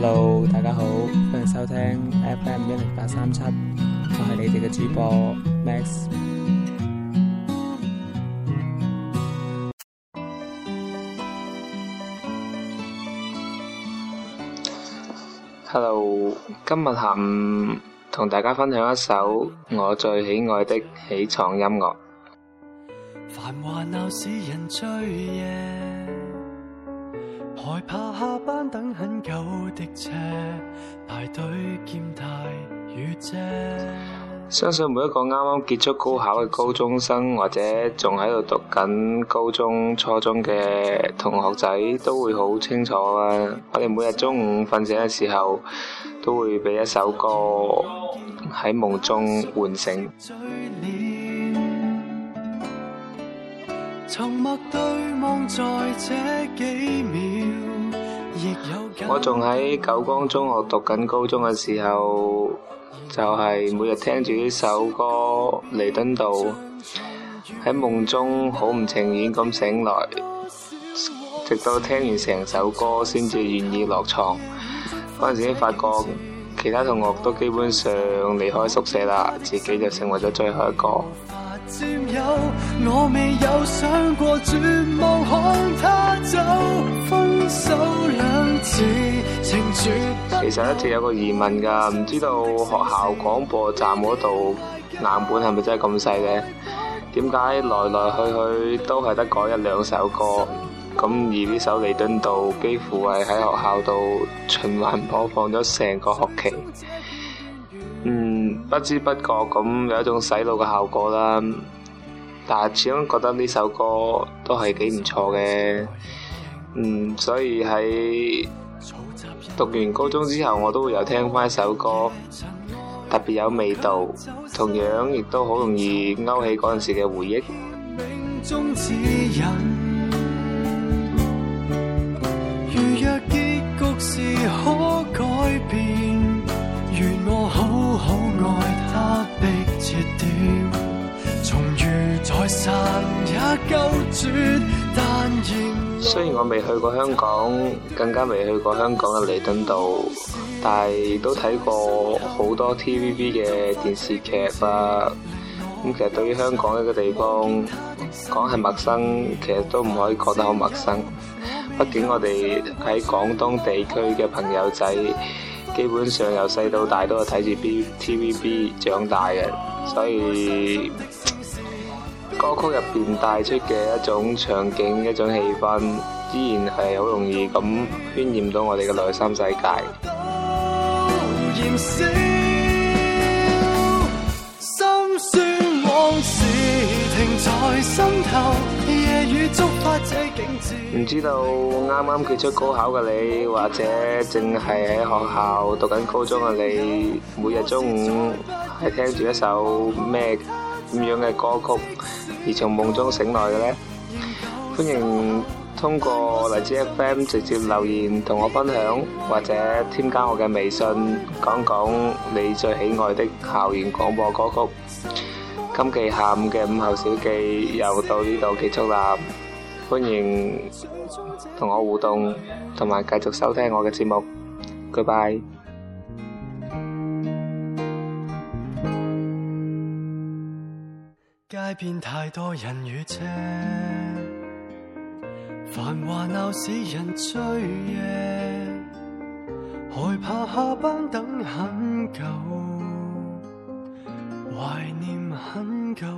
Hello，大家好，歡迎收聽 FM 一零八三七，我係你哋嘅主播 Max。Hello，今日下午同大家分享一首我最喜愛的起床音樂。繁華鬧市人醉夜害怕下班等很久的車排隊兼大雨。 相信每一個啱啱結束高考嘅高中生，或者仲喺度讀緊高中、初中嘅同學仔，都會好清楚啊。 我哋每日中午瞓醒嘅時候，都會俾一首歌喺夢中喚醒。沉默對望在這幾秒。我仲喺九江中學讀緊高中嘅時候，就係、是、每日聽住呢首歌《彌敦道》，喺夢中好唔情願咁醒來，直到聽完成首歌先至願意落床。嗰陣時先發覺，其他同學都基本上離開宿舍啦，自己就成為咗最後一個。我未有想過絕望，看他走分手兩次。其實一直有一個疑問噶，唔知道學校廣播站嗰度南本係咪真係咁細呢？點解來來去去都係得嗰一兩首歌？咁而呢首《彌敦道》幾乎係喺學校度循環播放咗成個學期。不知不覺咁有一種洗腦嘅效果啦，但係始終覺得呢首歌都係幾唔錯嘅，嗯，所以喺讀完高中之後，我都會有聽翻一首歌，特別有味道，同樣亦都好容易勾起嗰陣時嘅回憶。雖然我未去過香港，更加未去過香港嘅彌敦道，但係都睇過好多 TVB 嘅電視劇啊。咁、嗯、其實對於香港一個地方，講係陌生，其實都唔可以覺得好陌生。畢竟我哋喺廣東地區嘅朋友仔，基本上由細到大都係睇住 TVB 長大嘅，所以。歌曲入邊帶出嘅一種場景、一種氣氛，依然係好容易咁渲染到我哋嘅內心世界。唔知道啱啱結束高考嘅你，或者淨係喺學校讀緊高中嘅你，每日中午係聽住一首咩？咁樣嘅歌曲，而從夢中醒來嘅呢，歡迎通過荔枝 FM 直接留言同我分享，或者添加我嘅微信，講講你最喜愛的校園廣播歌曲。今期下午嘅午後小記又到呢度結束啦，歡迎同我互動，同埋繼續收聽我嘅節目，goodbye。街邊太多人與車，繁華鬧市人醉夜，害怕下班等很久，懷念很久。